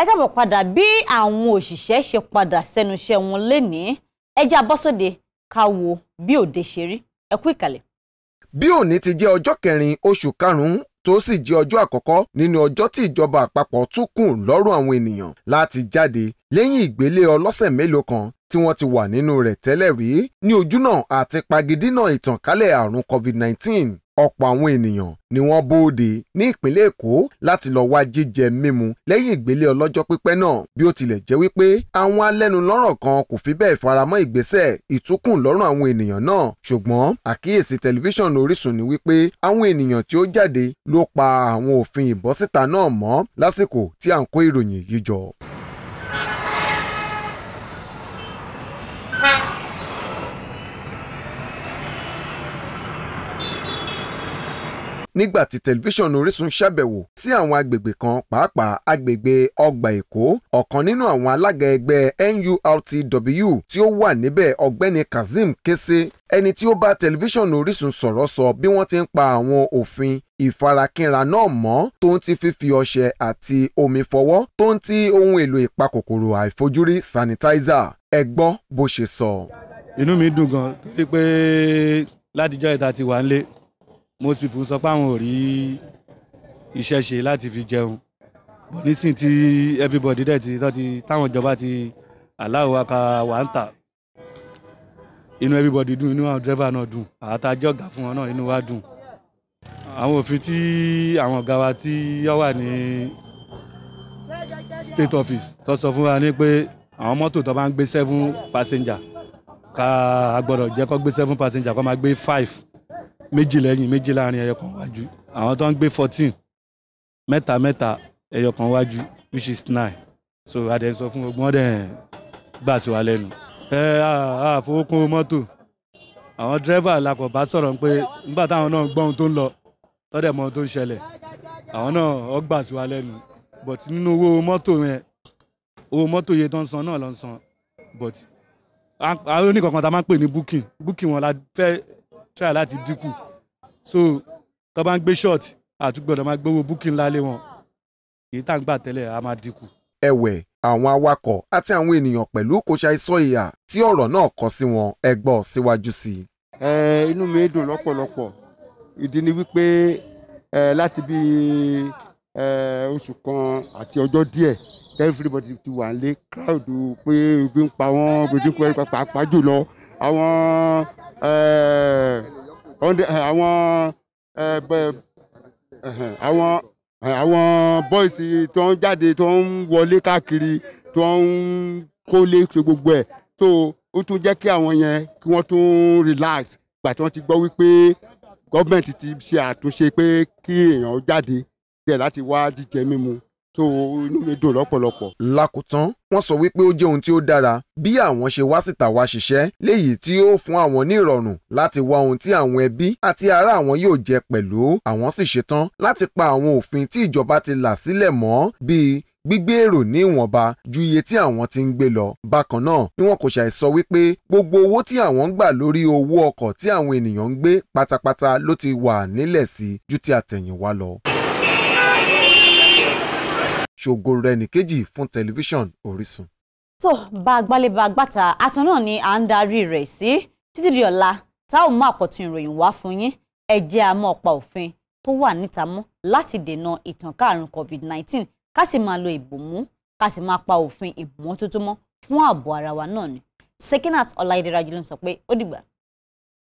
ẹ káàbọ̀ padà bí àwọn òṣìṣẹ́ ṣe padà sẹ́nu iṣẹ́ wọn lénìí ẹ jẹ́ abọ́sọ̀dé ká wo bí òde ṣe rí ẹ kú ìkàlẹ̀. bí òní ti jẹ́ ọjọ́ kẹrin oṣù karùn-ún tó sì jẹ́ ọjọ́ àkọ́kọ́ nínú ọjọ́ tí ìjọba àpapọ̀ tún kùn lọ́rùn àwọn ènìyàn láti jáde lẹ́yìn ìgbélé ọlọ́sẹ̀ mélòó kan tí wọ́n ti wà nínú rẹ̀ tẹ́lẹ̀ rí ní ojúnà àti pagidínà ìtànkálẹ̀ àrùn covid-19 ọ̀pọ̀ àwọn ènìyàn ni wọ́n bóde ní ìpínlẹ̀ Èkó láti lọ wá jíjẹ mímu lẹ́yìn ìgbélé ọlọ́jọ́ pípẹ́ náà bí ó tilẹ̀ jẹ́ wípé àwọn alẹ́nulọ́rọ̀ kan kò fi bẹ́ẹ̀ faramọ́ ìgbésẹ̀ ìtúkùn lọ́rùn àwọn ènìyàn náà ṣùgbọ́n àkíyèsí tẹlifíṣàn Orísun ni wípé àwọn ènìyàn tí ó jáde ló pa àwọn òfin ìbọ́síta náà mọ́ lásìkò tí à ń kó ìròyìn yìí jọ. nígbà tí tẹlifíṣàn Orísun ṣàbẹ̀wò sí àwọn agbègbè kan pàápàá agbègbè ọgbà Èkó ọ̀kan nínú àwọn alága ẹgbẹ́ NURTW tí ó wà níbẹ̀ ọ̀gbẹ́ni Kazeem Kese ẹni tí ó bá tẹlifíṣàn Orísun sọ̀rọ̀ sọ bí wọ́n ti ń pa àwọn òfin ìfarakínra náà mọ́ tó ń ti fífi ọṣẹ àti omi fọwọ́ tó ń ti ohun èlò ìpakòkòrò àìfojúrí sanitizer ẹ gbọ́ bó ṣe sọ. inú mi dùn gan-an torí pé látijọ́ ìta ti wà ń lé most people sọ pé àwọn ò rí iṣẹ́ ṣe láti fi jẹun but nísìnyí tí everybody dẹ̀ ti tọ́ ti táwọn ìjọba ti aláwọ̀ aka wà ń tà inú everybody dùn inú àwọn driver náà dùn àtàjọ́ ọ̀gá fún wọn náà inú wa dùn àwọn òfin tí àwọn ọ̀gá wa tí yọ wà ní state office tó sọ fún wa ní pé àwọn mọ́tò tó bá ń gbé seven passenger ká a gbọ́dọ̀ jẹ́ kó gbé seven passenger kó máa gbé five méjì lẹ́yìn méjì láàrin ẹyọ kan wájú àwọn tó ń gbé fourteen mẹ́ta mẹ́ta ẹyọ kan wájú which is nine so adẹ sọ fún gbogbo wọn dẹ gbà sí wa lẹ́nu. ẹ á fowókún mọ́tò àwọn dírẹ́fà làkọ̀ bá sọ̀rọ̀ pé nígbà táwọn náà gbọ́ ohun tó ń lọ tọ́dẹ̀ mọ ohun tó ń ṣẹlẹ̀ àwọn náà ọ gbà sí wa lẹ́nu but nínú owó mọ́tò yẹn owó mọ́tò yẹn tó ń san náà ló ń san but àwọn oníkankan tá a máa ń pè ní booking booking wọn la fẹ́ try láti dínkù so tó bá ń gbé short àtúgbọ̀dọ̀ máa gbowó booking lálé wọn èyí tá à ń gbà tẹ́lẹ̀ a máa dínkù. ẹ̀wẹ̀ àwọn awakọ̀ àti àwọn ènìyàn pẹ̀lú kò ṣàìsọ ìyà tí ọ̀rọ̀ náà kọ sí wọn ẹ gbọ́ síwájú sí i. ẹ inú mi dùn lọ́pọ̀lọpọ̀ ìdí ni wípé ẹ láti bí ẹ oṣù kan àti ọjọ́ díẹ̀ everybody ti wà lé crowd pé ebi ń pa wọ́n gbèdéke pàápàá jùlọ àwọn Eh, eh, àwọn eh, àwọn àwọn bọ́ìsì tó ń jáde tó ń wọlé káàkiri tó ń kólé ṣe gbogbo ẹ̀ so ó tún jẹ́ kí àwọn yẹn kí wọ́n tún relax gbà tí wọ́n ti gbọ́ wípé gọ́ọ̀mẹ̀ntì ti ṣe àtúnṣe pé kí èèyàn jáde tẹ̀ láti wá jíjẹ mímu tó inú mi dùn lọ́pọ̀lọpọ̀. lákòótán wọ́n sọ wípé ó jẹ́ ohun tí ó dára bí àwọn ṣe wá síta wá ṣiṣẹ́ léyìí tí ó fún àwọn ní ìrọ̀rùn láti wá ohun tí àwọn ẹbí àti ará àwọn yóò jẹ pẹ̀lú àwọn sì ṣetán láti pa àwọn òfin tí ìjọba ti là sílẹ̀ mọ́ bíi gbígbé èrò ní ìwọ̀nba ju iye tí àwọn ti ń gbé lọ. bákan náà ni wọn kò ṣàì sọ wípé gbogbo owó tí àwọn ń gbà lórí owó ọkọ̀ tí àwọn ènìyàn ń gbé pátápátá ló ti wà nílẹ̀ sí ju ti àtẹ̀yìnwá lọ. Ṣògorẹnìkejì fún tẹlifíṣàn Orísun. tó bá a gbálẹ̀ bá a gbàtà àtọ̀ náà ni à ń darí rẹ̀ sí títí di ọ̀la tá ò mú àkọ́tún ìròyìn wá fún yín ẹ jẹ́ a mọ̀ ọ̀pá òfin tó wà níta mọ́ láti dènà ìtànká àrùn COVID-19 ká sì máa lo ìbòmú ká sì máa pa òfin ìmọ́tótó mọ́ fún ààbò ara wa náà ni Sekinat Ọláìdé Rájí sọ pé ó dìgbà.